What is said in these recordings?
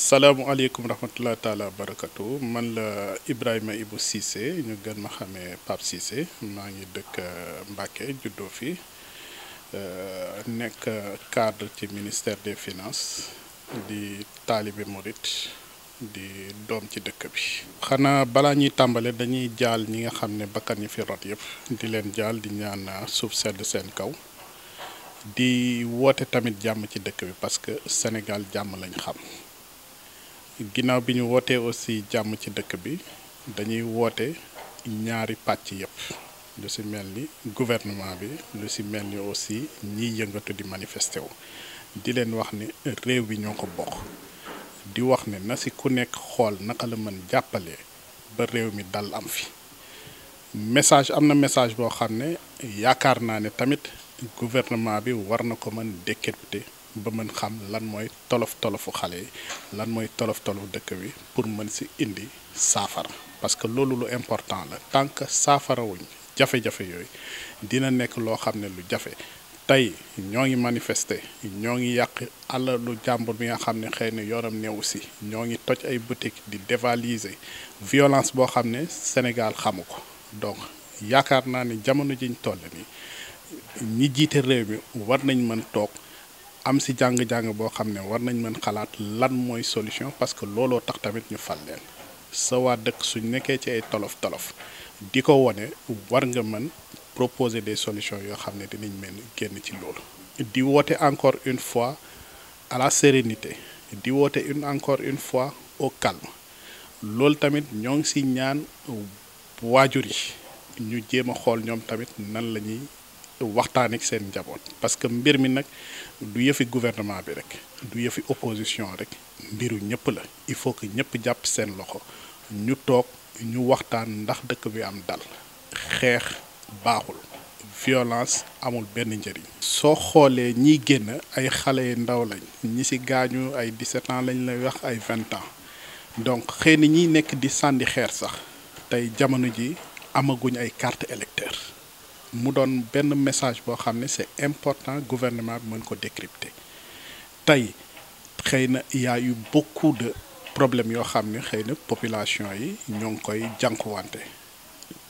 salaamu salaamualeykum rahmatulah taalaa barakatu man la Ibrahima Ibou Cissé ñu gën ma xamee Pape Cissé maa ngi dëkk euh, Mbacke juddoo fi euh, nekk cadre ci ministère des finance di taalibe Murit di doom ci dëkk bi. xanaa balaa ñuy tàmbale dañuy jaal ñi nga xam ne bakkan yi fi rot yëpp di leen jaal di ñaan suuf sedd seen kaw. di woote tamit jàmm ci dëkk bi parce que Sénégal jàmm lañ xam ginnaaw bi ñu wootee aussi jàmm ci dëkk bi dañuy woote ñaari pàcc yëpp lu si mel ni gouvernement bi lu si mel ni aussi ñi yëngatu di manifester wu di leen wax ni réew bi ñoo ko bokk di wax ne na si ku nekk xool naka la mën jàppale ba réew mi dal am fi message am na message boo xam ne yaakaar naa ne tamit gouvernement bi war na ko mën décrypter ba mën xam lan mooy tolof tolofu xale yi lan mooy tolof tolofu dëkk bi pour mën si indi saafara parce que loolu lu important la tant que saafara wuñ jafe-jafe yooyu dina nekk loo xam ne lu jafe tey ñoo ngi manifester ñoo ngi yàq alalu jàmbur bi nga xam ne xëy na yoram newu si ñoo ngi toj ay boutique di dévaliser violence boo xam ne Sénégal xamu ko donc yaakaar naa ne jamono jiñ toll nii ñi jiite réew mi war nañ mën toog. am si jàng-jàng boo xam ne war nañ mën xalaat lan mooy solution parce que looloo tax tamit ñu fal leen sa dëkk suñ nekkee ci ay tolof-tolof di ko wone war nga mën proposé des solutions yoo xam ne dinañ mën génn ci loolu di woote encore une fois àlla la sérénité di woote une encore une fois au calme loolu tamit ñoo ngi si ñaan waajur yi ñu jéem a xool ñoom tamit nan la ñuy waxtaan ak seen njaboot parce que mbir mi nag du yëfi gouvernement bi rek du yëfi opposition rek mbiru ñëpp la il faut que ñëpp jàpp seen loxo ñu toog ñu waxtaan ndax dëkk bi am dal xeex baaxul violence amul benn njëriñ. soo xoolee ñi génn ay xale yu ndaw lañ ñi ci gaañu ay 17 ans lañ lay wax ay 20 ans donc xëy na ñiy nekk di sànni xeer sax tey jamono ji amaguñ ay carte électorale mu doon benn message boo xam ne c'est important gouvernement bi mën ko décrypter tey xëy na y a eu beaucoup de problèmes yoo xam ne xëy na population yi ñoo ngi koy jànkuwante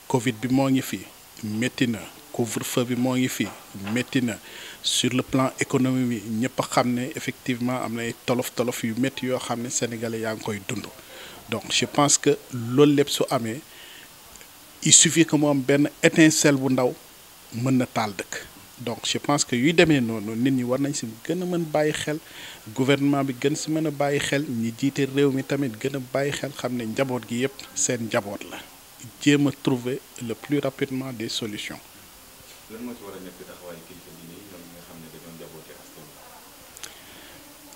Covid bi moo ngi fi métti na couvre bi moo ngi fi métti na sur le plan économie bi ñëpp xam ne effectivement am na ay tolof tolof yu métti yoo xam ne sénégalais yaa ngi koy dund donc je pense que loolu lépp su amee il suffit que mu am benn étincelle bu ndaw. mën na taal dëkk donc je pense que yuy demee noonu nit ñi war nañ si gën a mën bàyyi xel gouvernement bi gën si mën a bàyyi xel ñi jiite réew mi tamit gën a bàyyi xel ne njaboot gi yëpp seen njaboot la jéem a trouver le plus rapidement des solutions.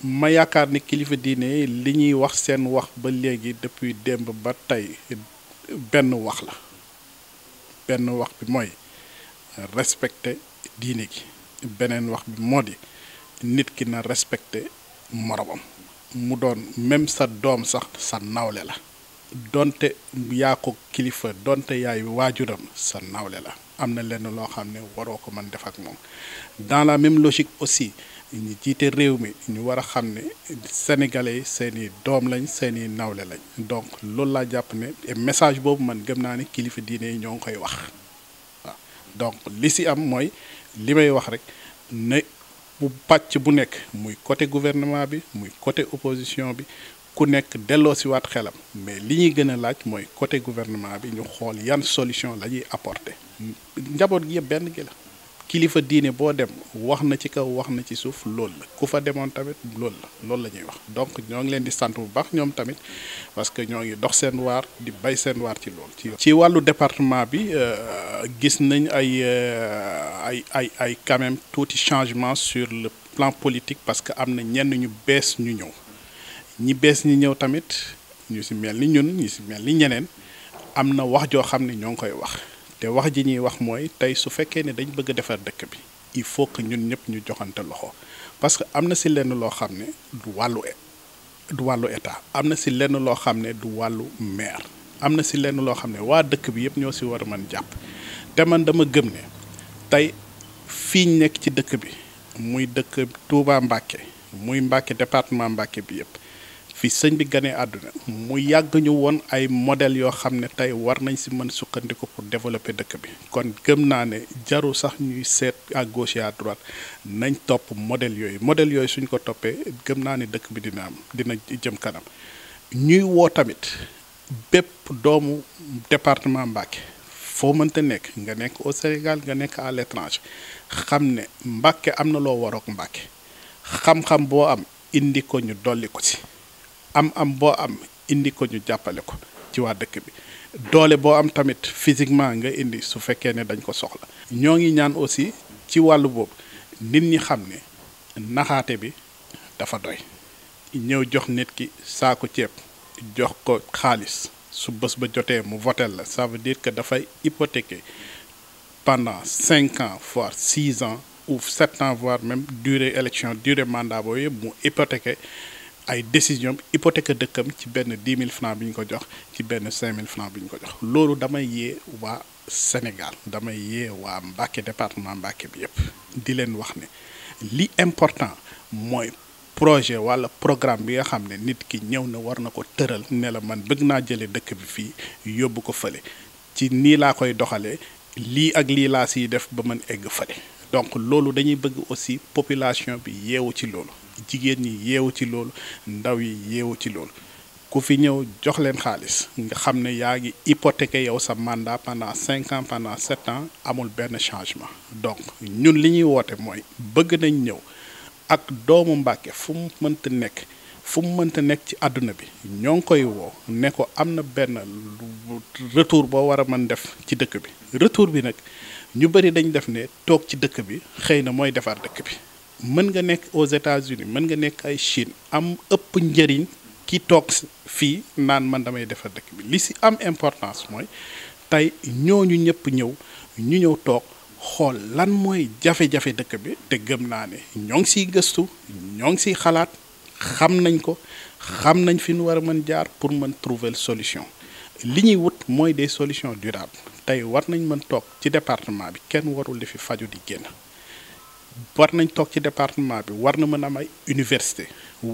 ma yaakaar ni kilifa diine yi li ñuy wax seen wax ba léegi depuis démb ba tey benn wax la benn wax bi mooy. respecte diine gi beneen wax bi moo di nit ki na respecte moromam mu doon même sa doom sax sa nawle la donte yaa ko kilifa donte yaay waajuram sa nawle la am na lenn loo xam ne waroo ko man def ak moom dans la même logique aussi ñu jiite réew mi ñu war a xam ne sénégalais yi seen i doom lañ seeni nawle lañ donc loolu laa jàpp ne message boobu man gëm naa ne kilifa diine yi ñoo koy wax donc li si am mooy li may wax rek ne bu pàcc bu nekk muy côté gouvernement bi muy côté opposition bi ku nekk delloo si waat xelam mais li ñuy gën a laaj mooy côté gouvernement bi ñu xool yan solution la ñuy apporter njaboot gi yëpp benn gi la kilifa diine boo dem wax na ci kaw wax na ci suuf loolu la ku fa demoon tamit loolu la loolu la ñuy wax donc ñoo ngi leen di sant bu baax ñoom tamit parce que ñoo ngi dox seen waar di bay seen waar ci lool ci ci wàllu département bi euh, gis nañ ay euh, ay ay ay quand tuuti changement sur le plan politique parce que am na ñenn ñu bees ñu ñëw ñi bees ñi ñëw tamit ñu si mel ni ñun ñu si mel ni ñeneen am na wax joo xam ne ñoo ngi koy wax te wax ji ñuy wax mooy tey su fekkee ne dañ bëgg defar dëkk bi il faut que ñun ñëpp ñu joxante loxo parce que am na si lenn loo xam ne du wàllu du wàllu état am na si lenn loo xam ne du wàllu maire am na si lenn loo xam ne waa dëkk bi yëpp ñoo si war a mën jàpp te man dama gëm ne tey fii ñu nekk ci dëkk bi muy dëkk Touba Mbacké muy Mbacké département Mbacké bi yëpp fi sëñ bi ganee àdduna mu yàgg ñu woon ay modèle yoo xam ne tey war nañ si mën sukkandiku pour développer dëkk bi kon gëm naa ne jarul sax ñuy seet à gauche droite nañ topp modèle yooyu modèle yooyu suñ ko toppee gëm naa ne dëkk bi dina am dina jëm kanam ñuy woo tamit bépp doomu département Mbacké foo mënta nekk nga nekk au Sénégal nga nekk à l'étranger xam ne Mbacké am na loo warook Mbacké xam-xam boo am indi ko ñu dolli ko ci am am boo am indi ko ñu jàppale ko ci waa dëkk bi doole boo am tamit physiquement nga indi su fekkee ne dañ ko soxla ñoo ngi ñaan aussi ci wàllu boobu nit ñi xam ne naxaate bi dafa doy ñëw jox nit ki saako ceeb jox ko xaalis su bës ba jotee mu votel la ça veut dire que dafay hypothéquer pendant cinq ans voire six ans ou sept ans voire même durée élection durée mandat boobu yëpp mu hypothéquer ay décision hypothèque dëkkam ci benn dix mille franc bi ñu ko jox ci benn cinq mille franc bi ñu ko jox loolu damay yee waa Sénégal damay yee waa Mbacké département Mbacké bi yëpp di leen wax ne li important mooy projet wala programme bi nga xam ne nit ki ñëw na war na ko tëral ne la man bëgg naa jëlee dëkk bi fii yóbbu ko fële ci nii laa koy doxalee lii ak lii laa siy def ba man egg fële donc loolu dañuy bëgg aussi population bi yeewu ci loolu jigéen ñi yeewu ci loolu ndaw yi yeewu ci loolu ku fi ñëw jox leen xaalis nga xam ne yaa ngi hypothéqué yow sa mandat pendant cinq ans pendant sept ans amul benn changement donc ñun li ñuy woote mooy bëgg nañ ñëw ak doomu Mbàkke fu mu mënta nekk fu mu mënta nekk ci àdduna bi ñoo ngi koy woo ne ko am na benn retour boo war a mën def ci dëkk bi retour bi nag ñu bëri dañ def ne toog ci dëkk bi xëy na mooy defar dëkk bi mën nga nekk aux États-Unis mën nga nekk ay Chine am ëpp njëriñ ki toog fii naan man damay defar dëkk bi li si am importance mooy tey ñooñu ñëpp ñëw ñu ñëw toog xool lan mooy jafe-jafe dëkk bi te gëm naa ne ñoo ngi siy gëstu ñoo ngi siy xalaat xam nañ ko xam nañ fi nu war a mën jaar pour mën trouver solution li ñuy wut mooy des solutions durables tey war nañ mën toog ci département bi kenn warul li fi faju di génn war nañ toog ci département bi war na mën am ay université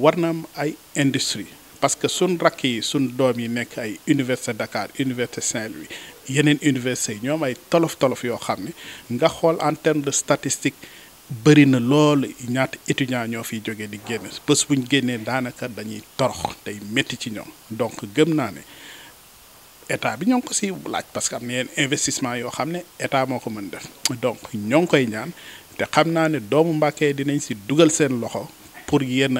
war na am ay industrie parce que suñ rakk yi suñ doom yi nekk ay université Dakar université Saint-Louis yeneen université yi ñoom ay tolof tolof yoo xam ne nga xool en terme de statistique bëri na lool ñaata étudiants ñoo fiy jógee di génn bés bu ñu génnee daanaka dañuy torox tey métti ci ñoom donc gëm naa ne état bi ñoo ko si laaj parce que am na yenn investissement yoo xam ne état moo ko mën def donc ñoo ngi koy ñaan te xam naa ne doomu Mbàkke dinañ si dugal seen loxo pour yenn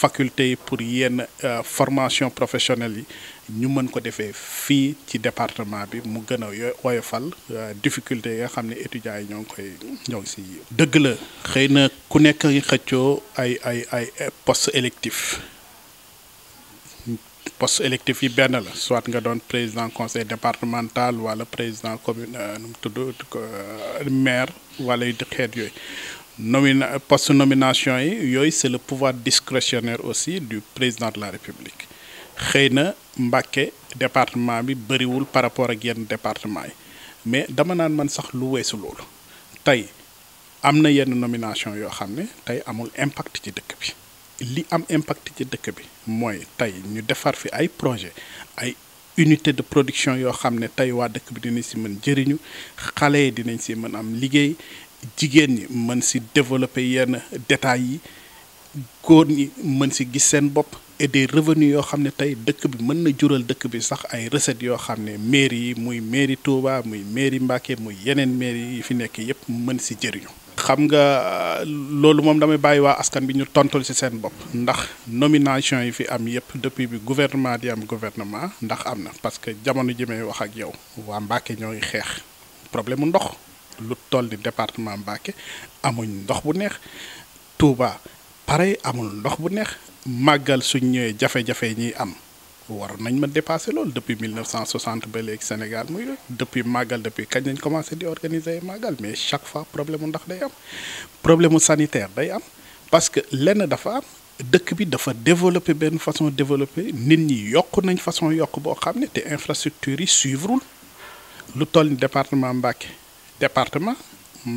faculté yi pour yenn euh, formation professionnelle yi ñu mën ko defee fii ci département bi mu gën a woyofal euh, difficulté yi nga xam ne étudiants yi ñoo ngi koy ñoo si dëgg la xëy na ku nekk xëccoo ay ay ay euh, post électif poste électif yi benn la soit nga doon président conseil départemental wala président commune euh, nu mu tudd euh, maire wala yu xeet yooyu nomina poste nomination yi yooyu c'est le pouvoir discrétionnaire aussi du président de la république xëy na Mbàkke département bi bëriwul par rapport ak yenn département yi mais dama naan man sax lu weesu loolu tey am na yenn nomination yoo xam ne tey amul impact ci dëkk bi li am impact ci dëkk bi mooy tey ñu defar fi ay projet ay unité de production yoo xam ne tey waa dëkk bi dinañ si mën jëriñu xale yi dinañ si mën am liggéey jigéen ñi mën si développer yenn détails yi góor ñi mën si gis seen bopp et des revenus yoo xam ne tey dëkk bi mën na jural dëkk bi sax ay recettes yoo xam ne mairie yi muy mairie Touba muy mairie Mbacké muy yeneen mairie yi fi nekk yépp mën si jëriñu xam nga euh, loolu moom damay bàyyi waa askan bi ñu tontul ci seen bopp ndax nomination yi fi am yépp depuis bi gouvernement di am gouvernement ndax am na parce que jamono ji wax ak yow waa Mbacké ñooy xeex problème mu ndox lu toll ni département Mbacké amuñ ndox bu neex Touba pare amul ndox bu neex màggal suñ ñëwee jafe-jafe ñuy am war nañ ma dépassé loolu depuis cent 1960 ba léegi Sénégal muy depuis màggal depuis kañ nañ commencé di organiser màggal mais chaque fois problème mu ndax day am problème mu sanitaire day am parce que lenn dafa am dëkk bi dafa développé benn façon développé nit ñi yokk nañ façon yokk boo xam ne te infrastructure yi suivrul lu toll ni département Mbacké département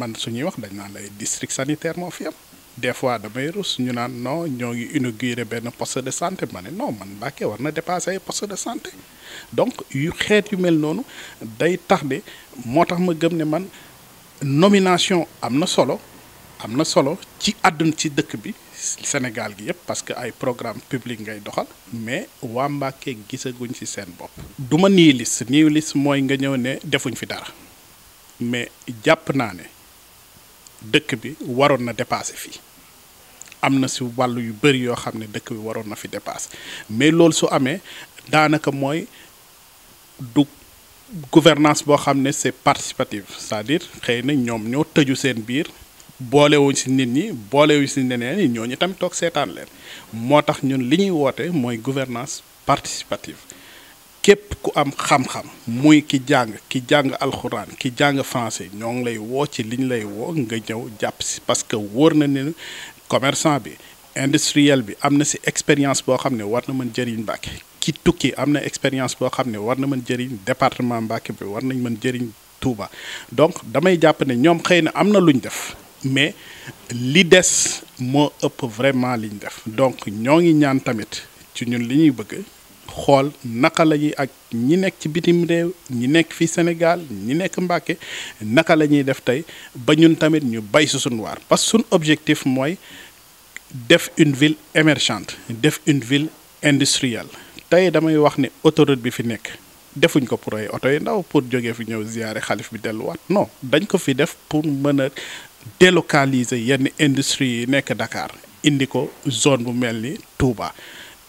man suñuy wax dañ naan lay district sanitaire moo fi am. des fois damay rus ñu naan non ñoo ngi inauguré benn poste de santé ma ne non man Mbàkke war na dépassé ay poste de santé donc yu xeet yu mel noonu day tax de moo tax ma gëm ne man nomination am na solo am na solo ci àdduna ci dëkk bi Sénégal gi yëpp parce que ay programme public ngay doxal mais waa Mbàkke gisaguñ ci seen bopp du ma niilis niilis mooy nga ñëw ne defuñ fi dara mais jàpp naa ne dëkk bi waroon na dépasser fii am na si wàll yu bëri yoo xam ne dëkk bi waroon na fi dépassé mais loolu su amee daanaka mooy du gouvernance boo xam ne c'est participative cest à xëy na ñoom ñoo tëju seen biir boolewuñ si nit ñi boolewuñ si neneen ñi ñooñu tamit toog seetaan leen moo tax ñun li ñuy woote mooy gouvernance participative képp ku am xam-xam muy ki jàng ki jàng alxuraan ki jàng français ñoo ngi lay woo ci liñ lay woo nga ñëw jàpp si parce que wóor na ne commerçant bi industriel bi am na si expérience boo xam ne war na mën jëriñ Mbàkke ki tukki am na expérience boo xam ne war na mën jëriñ département Mbàkke bi war nañ mën jëriñ Touba donc damay jàpp ne ñoom xëy na am na lu ñu def mais li des moo ëpp vraiment li def donc ñoo ngi ñaan tamit ci ñun li ñuy bëgg xool naka la ak ñi nekk ci bitim réew ñi nekk fii Sénégal ñi nekk Mbàkke naka la ñuy def tey ba ñun tamit ñu bay su suñu waar parce que suñu objectif mooy def une ville émergente def une ville industrielle tey damay wax ni autoroute bi fi nekk defuñ ko pour ay oto yi ndaw pour jógee fi ñëw ziyaare xalif bi delluwaat non dañ ko fi def pour mën a délocaliser yenn industrie yi nekk Dakar indi ko zone bu mel ni Touba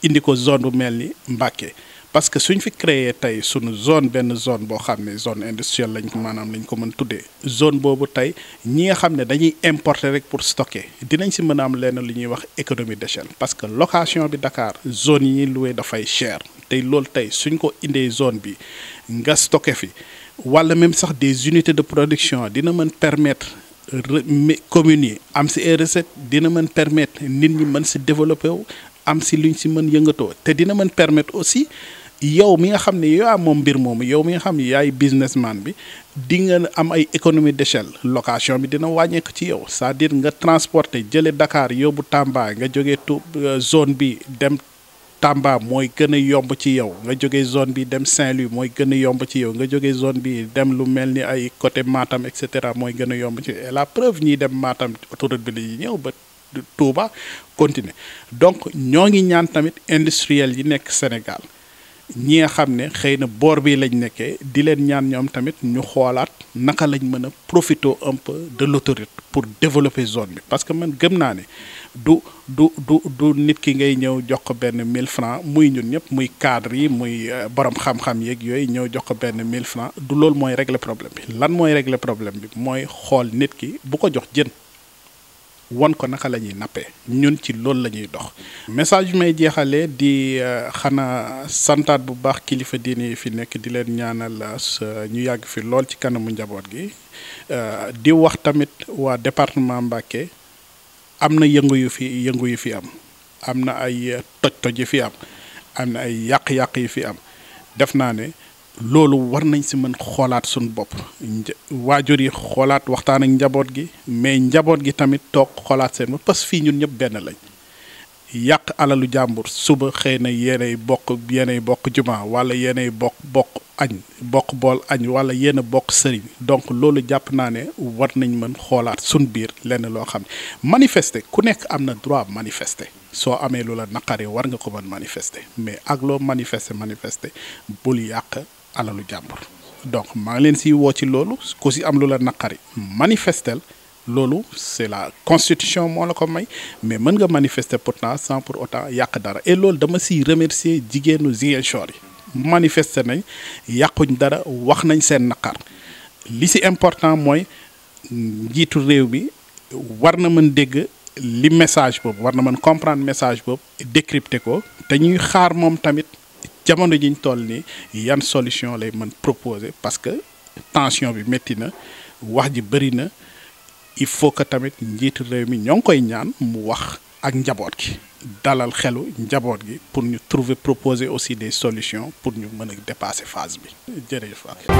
indi ko zone bu mel ni Mbacké parce que suñ fi créer tey suñu zone benn zone boo xam ne zone industrielle lañ ko maanaam lañ ko mën tuddee zone boobu tey ñi nga xam ne dañuy importer rek pour stocker dinañ si mën a am lenn lu ñuy wax économie d'échelle parce que location bi Dakar zone yi ñuy loué dafay cher tey loolu tey suñ ko indee zone bi nga stocké fi wala même sax des unités de production dina mën permettre communes yi am si ay recette dina mën permettre nit ñi mën si développer wu am si luñ si mën yëngatoo te dina mën permettre aussi yow mi nga xam ne moom mbir moomu yow mi nga xam ne yaay businessman bi di nga am ay économie d'échelle location bi dina wàññeeku ci yow saa à dire nga transporter jële Dakar yóbbu Tamba nga jógee tu euh, zone bi dem Tamba mooy gën a yomb ci yow nga jógee zone bi dem Saint-Louis mooy gën a yomb ci yow nga jógee zone bi dem lu mel ni ay côté Matam et cetera mooy gën a yomb ci la preuve ñiy dem Matam autoroute bi la ñuy ñëw ba Touba continuer donc ñoo ngi ñaan tamit industriel yi nekk Sénégal ñi nga xam ne xëy na boor bi lañ nekkee di leen ñaan ñoom tamit ñu xoolaat naka lañ mën a profiter un peu de l'autorité pour développer zone bi parce que man gëm naa ne du du du du nit ki ngay ñëw jox ko benn mille francs muy ñun ñëpp muy cadre yi muy euh, borom xam-xam yeeg yooyu ñëw jox ko benn mille francs du loolu mooy régler problème bi lan mooy régler problème bi mooy xool nit ki bu ko jox jën won ko naka la ñuy nappee ñun ci loolu la ñuy dox message may jeexalee di euh, xanaa santaat bu baax kilifa diine yi fi nekk di leen ñaanal euh, ñu yàgg fi lool ci kanamu njaboot gi euh, di wax tamit waa département Mbacké am na yëngu yu fi yëngu yu fi am am na ay toj-toj yu fi am am na ay yàq-yàq yu fi am def naa ne loolu war nañ si mën xoolaat suñu bopp waajur yi xoolaat waxtaan ak njaboot gi mais njaboot gi tamit toog xoolaat seen bopp parce que fii ñun ñëpp benn lañ yàq alalu jàmbur suba xëy na yéenay bokk yéenay bokk juma wala yéenay bokk bokk añ bokk bool añ wala yéen bokk sëriñ donc loolu jàpp naa ne war nañ mën xoolaat suñ biir lenn loo xam ne manifester ku nekk am na droit manifester soo amee lu la naqaree war nga ko mën manifester mais ak loo manifester manifester bul yàq. alalu jàmbur donc maa ngi leen si woo ci loolu ku si am lu la naqari manifestel loolu c'est la constitution moo la ko may mais mën nga manifester pourtant sans pour autant yàq dara et loolu dama siy remercier jigéenu Ziguinchor yi manifester nañ yàquñ dara wax nañ seen naqar li ci important mooy njiitu réew bi war na mën dégg li message boobu war na mën comprendre message boobu décrypter ko te ñuy xaar moom tamit jamono ji ñu toll nii yan solution lay mën proposé parce que tension bi métti na wax ji bëri na il faut que tamit njiitu réew mi ñoo ngi koy ñaan mu wax ak njaboot gi dalal xelu njaboot gi pour ñu trouver proposé aussi des solutions pour ñu mën a dépasser phase bi jërëjëf.